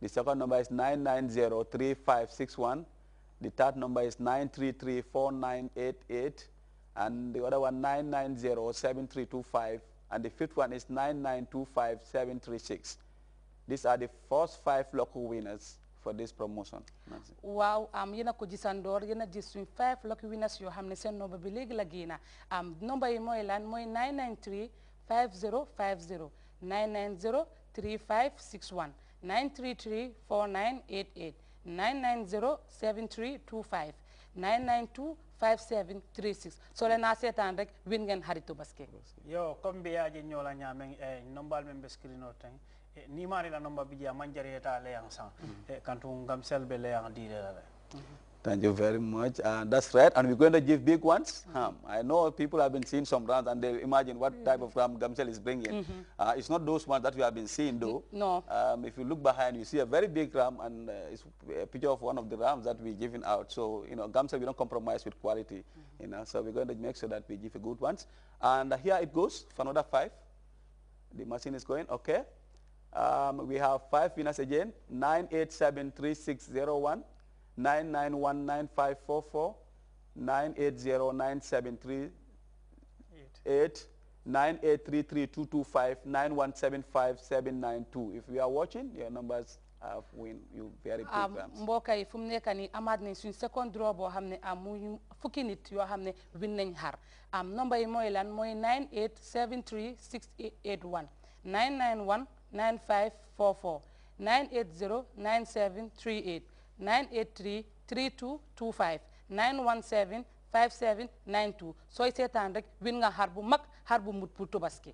The second number is 9903561. The third number is 9334988. And the other one, 9907325. And the fifth one is 9925736. These are the first five local winners for this promotion. i am um, yéen a ko gisandoor yéen a five lucky winners You have ne number, nomba bi léegi la génna am nomba nine nine three five zero five zero, nine nine zero three five six one. 933 4988, 990 7325, 992 5736 so le na setan rek win ngeen baske yo comme bi yaaji ñola ñame e eh, nombal men screen o eh, eh, ni mari la number bi ya manjare ta le yang san mm-hmm. e kantu ngam selbe le yang di le Thank you very much. Uh, that's right. And we're going to give big ones. um, I know people have been seeing some rams, and they imagine what mm. type of ram Gamsel is bringing. Mm -hmm. uh, it's not those ones that we have been seeing though. No. Um, if you look behind, you see a very big ram and uh, it's a picture of one of the rams that we're giving out. So, you know, Gamsel, we don't compromise with quality. Mm-hmm. You know, so we're going to make sure that we give a good ones. And here it goes for another five. The machine is going, okay. Um, we have five winners again, 9873601. 9919544, 9809738, 9833225, If you are watching, your numbers have win you very programs. mbokk yi fu mu nekk nii suñ second draw boo um, xam ne am muy fukki nit yoo xam ne win nañ xar am um, nomba yi mooy lan mooy 98736881 991 9809738 983 3225 917 5792 sooy seetaan win nga harbu mak harbu xar bu mut pour Tabaski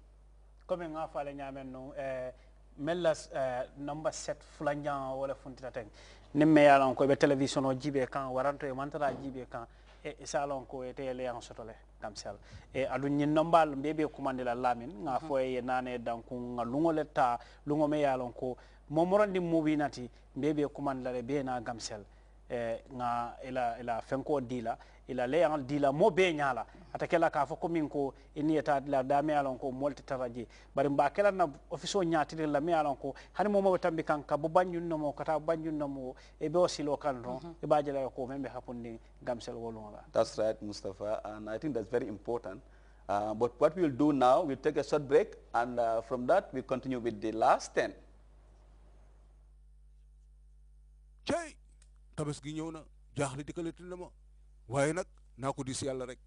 comme nga faale ñaamen no eh, mella eh, number set fulanjan wala funtita ten nin me yalon eh, mhm. ko ɓe télévision o jiibe kan waranto e mantata kan e salon ko ete leyan sotole kam sel e aɗum ñin nombal mbe ɓe kumandila lamin ga fo e nane dankun ga luŋo letta luŋo yalon ko momorandi mubi nati mbe be kumandilare be na gamsel eh, nga ila, ila fenko dila ila leyaŋol dila mo be ñala ata kela ka fo komin ko iniyata la da me alon ko molti taraji bari mba kela na office nyati ñatirin la me alon ko hani momo tambi kan ka bo banjun no mo kata banjun no mo e be o kan ron mhm. e baje la ko membe hapundi gamsel wolonga that's right mustafa and i think that's very important uh, but what we'll do now we'll take a short break and uh, from that we we'll continue with the last 10 cey tabas gi ñëw na jaaxle dikkalati na ma waaye nag naa ko diis yàlla rek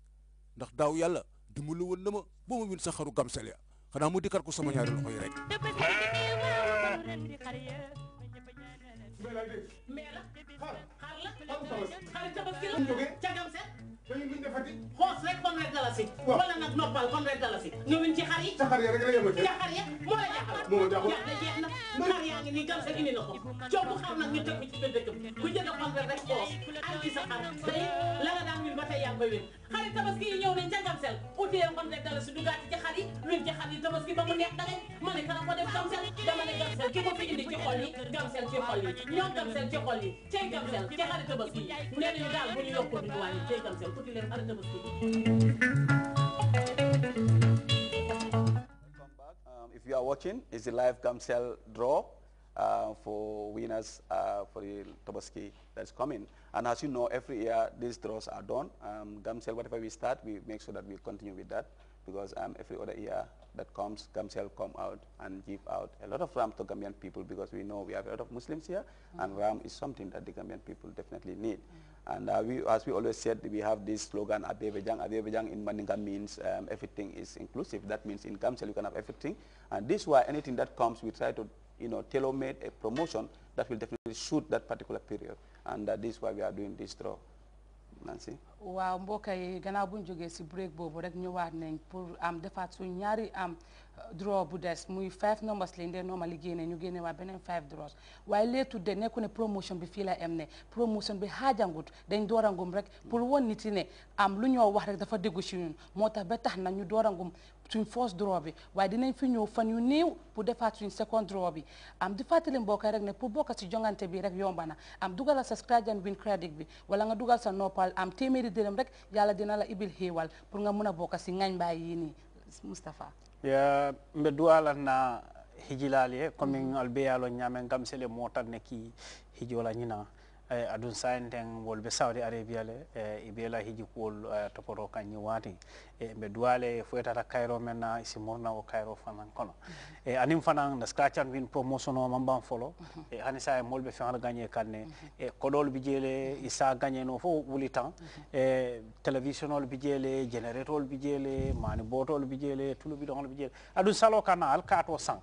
ndax daaw yàlla dimbali woon na ma ba ma win sa xaru gamsel ya xanaa mu dikkat ko sama ñaari loxo yi rek yooyu buñ defati. xoos rek fanweeri dalasi. waaw wala nag noppal fanweeri dalasi. ñëwin ci xar yi. ca xar ya rek la yëngati. ca xar ya moo la jaaxal. moo jaaxal yaa jeex na. xar yaa ngi nii gan sa indi na ko. coow bu xar nag ñu teg ko ci biir dëkkam. ku jënd fanweer rek xoos. ay ci sa xar day la nga daan ñun ba tey yaa ngi koy wér. xari tabaski yi ñëw nañ ca gamsel. utee fanweeri dalasi dugaati ci xar yi. wér ci xar yi tabaski ba mu neex dangay. ma ne kala ko def gamsel dama ne fi indi ci xol yi gamsel ci xol yi ñoom gamsel ci xol yi gamsel xarit yi daal bu ñu yokku gamsel leen xarit um, if you are watching, it's a live Gamsel draw uh, for winners uh, for the Tobaski that's coming. And as you know, every year these draws are done. Um, Gamsel, whatever we start, we make sure that we continue with that because um, every other year that comes, Gamcel come out and give out a lot of RAM to Gambian people because we know we have a lot of Muslims here, mm -hmm. and RAM is something that the Gambian people definitely need. Mm -hmm. And uh, we, as we always said, we have this slogan, Abebejang. Abebejang in Mandinka means um, everything is inclusive. That means in Gamcel you can have everything. And this why anything that comes, we try to you know, tailor-made a promotion that will definitely suit that particular period. And uh, this is why we are doing this draw. Nancy waaw mbokk yi gannaaw bu ñu jógee si break boobu rek ñëwaat nañ pour am defaat su ñaari am euh, draw bu des muy five numbers lañ dee normally génne ñu génne waa beneen five draws waaye léetu de nekku ne promotion bi fii la em ne promotion bi xaajangut dañ doorangum rek pour woon nit yi ne am lu ñoo wax rek dafa déggu si ñun moo tax ba tax na ñu doorangum suñ first draw bi waaye dinañ fi ñëw fan yu niiw pour defaat suñ second draw bi am di fàttali mbokk rek ne pour bokk si jongante bi rek yomba na am dugal sa scratch and win credit bi wala nga dugal sa noppal am téeméeri dërëm rek yàlla dina la ibil xéewal pour nga mun a bokk si ngañ baay yi nii Mustafa mbe duwala na hijilali e commin albeyalo ñamen gam sele motan ne ki hijola ñina eyi adun sayinten wolɓe sawde arabia le e ibela hiji kuwol e, topoto kañi waati e ɓe duwale e foytata kayro menna si morna o kayro fanan kono e anim fanan nde scratcan win promotion o mambam folo e hani sa e molɓe fewar gagne kanne e koɗol bijele isa gagne no fof wuli tan e télévision ol bijele généréte ol bijele mani botol bijele tuluɓiɗo hol bijele adun salo kana alkato sang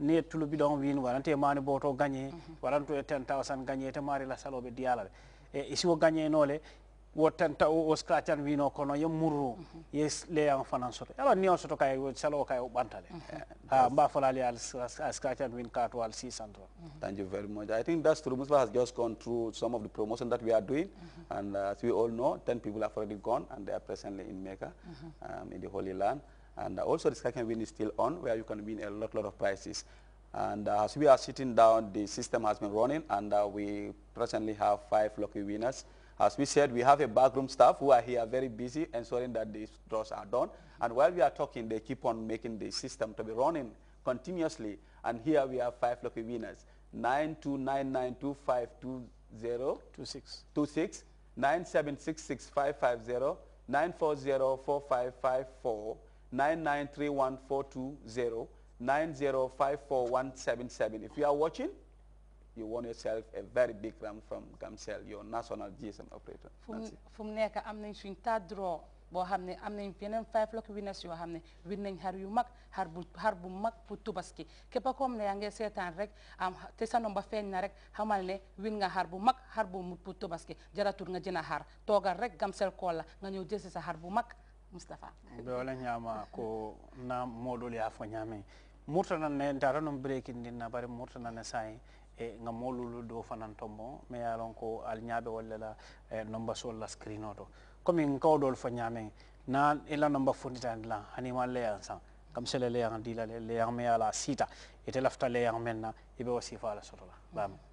ne win warante mani boto gagné gagné te mari la salobe e isi wo gagné nole wo o wino kono yo murru ala ni soto kay salo kay o bantale mhm. ha mba al win wal 600 mhm. thank you very much i think that's true Musa has just gone through some of the promotion that we are doing mhm. and uh, as we all know 10 people have already gone and they are presently in mecca um, in the holy land and also the Skycam win is still on where you can win a lot, lot of prizes. And uh, as we are sitting down, the system has been running and uh, we presently have five lucky winners. As we said, we have a backroom staff who are here very busy ensuring that these draws are done. And while we are talking, they keep on making the system to be running continuously. And here we have five lucky winners. 9299252026, 97665550, 9404554, 9931420 If you are watching, you won yourself a very big round from Gamcel, your national GSM operator. From Fum I am nañ suñ ta draw boo xam am nañ yeneen five lucky winners yoo have ne win nañ xar yu mag xar bu xar bu mag pour tubaski képp koo xam ne yaa ngi seetaan rek am te sa nomba feeñ na rek xamal ne win nga xar bu mag xar bu mu Gamcel call la nga ñëw jël si sa mustapha mbe wala ñama ko na moɗol ya fo ñamen murtanan ne dara noon breakindin na bare murtanan ne sayi e nga molulu do fanan tombo mi yalon ko al ñaaɓe walla la e nomba solla screen o to commin kawɗol fo ñamen na ila e nomba fonditani lan hanima leyan san kam sele leyan dilale leyan mi yala siita ite e lafta leyan men na iɓe wa sifa sotola bami mm -hmm.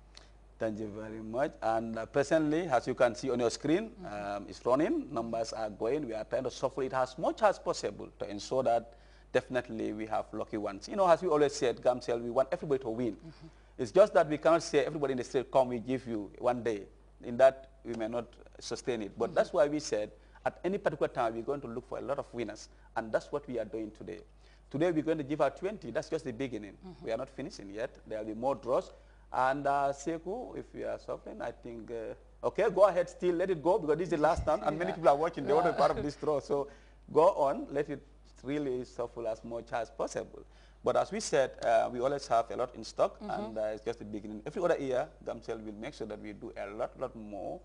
Thank you very much. And uh, presently, as you can see on your screen, mm -hmm. um, it's running. Numbers are going. We are trying to shuffle it as much as possible to ensure that definitely we have lucky ones. You know, as we always said, Gamsel, we want everybody to win. Mm -hmm. It's just that we cannot say everybody in the state, come, we give you one day. In that, we may not sustain it. But mm -hmm. that's why we said, at any particular time, we're going to look for a lot of winners. And that's what we are doing today. Today, we're going to give out 20. That's just the beginning. Mm-hmm. We are not finishing yet. There will be more draws. And uh, Seku, if you are suffering, I think, uh, okay, go ahead still, let it go because this is the last time. and yeah. many people are watching, they want to be part of this throw. So go on, let it really suffer as much as possible. But as we said, uh, we always have a lot in stock mm -hmm. and uh, it's just the beginning. Every other year, Gamcell will make sure that we do a lot, lot more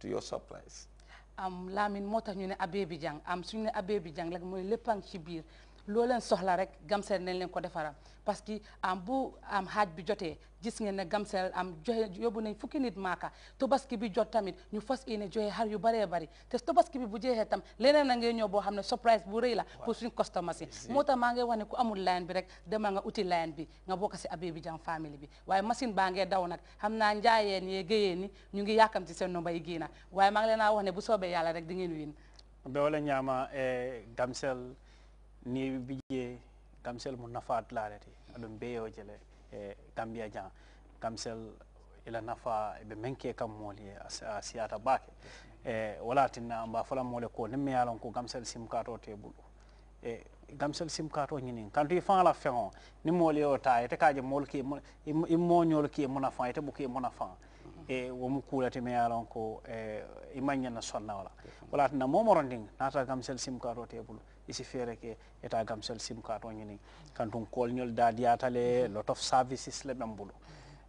to your supplies. am Abébé Jang am Abébé Jang loo leen soxla rek gamseel nañ leen ko defaral parce que am bu am xaaj bi jotee gis ngeen ne gamseel am joxe yóbbu nañ fukki nit maaka tobaski bi jot tamit ñu fas yéene joxe xar yu bare bari te tobaski bi bu jeexee tam leneen na ngay ñëw boo xam ne surprise bu rëy la pour suñ customers yi moo tax maa ngi wax ne ku amul line bi rek demal nga uti line bi nga bokk si Habibi Jam family bi waaye machine baa ngee daw nag xam naa njaayeen yee géyeen ni ñu ngi yàkkam ci seen nomba yi génn waaye maa ngi leen bu soobee yàlla rek di ngeen win doole ñaama eh, gamseel ni bije kamsel mu nafaat laaleti aɗum beyo jele e gambia jan kamsel ila nafa ɓe menke kam mooli a siyata baake e wala tinna mba folamoole moole ko nimme yalon ko gamsel simkato te ɓuulu e gamsel simkato ñinin kanto i fan la feŋ o ni moolu yo ta ite kaje moolu ki i moñolu ki e muna fan ite e muna e womu kuulati me yalon ko e i mañana sonna wala wala tinna momorondin nata gamsel simkato te ɓuulu isi fere ke eta gam sel sim card on yini kantum kolnyol dadiyatale lot of services le ɓen bulu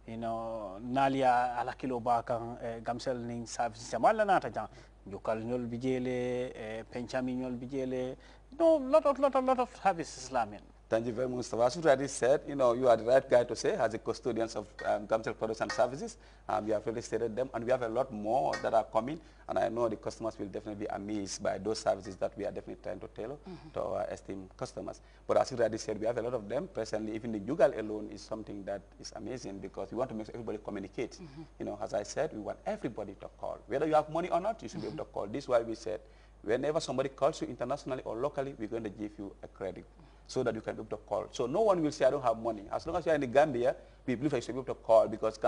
you know naaliya ala kilo ba kan e eh, gamsel nin service jam alla naata jan jokalñol bijeele e eh, pencamiñol bijeele no lot of lot of lot of services lamen Thank you very much, Mr. Vasud. As said, you know, you are the right guy to say, as the custodians of um, Gamsel products and services, um, we have felicitated them, and we have a lot more that are coming, and I know the customers will definitely be amazed by those services that we are definitely trying to tailor mm -hmm. to our esteemed customers. But as you already said, we have a lot of them presently. Even the Jugal alone is something that is amazing because we want to make sure everybody communicate. Mm -hmm. You know, as I said, we want everybody to call. Whether you have money or not, you should mm -hmm. be able to mm-hmm. call. This is why we said, whenever somebody calls you internationally or locally, we're going to give you a credit mm-hmm so that you can be able to call. So no one will say, I don't have money. As long as you're in the Gambia, we believe I should be able to call because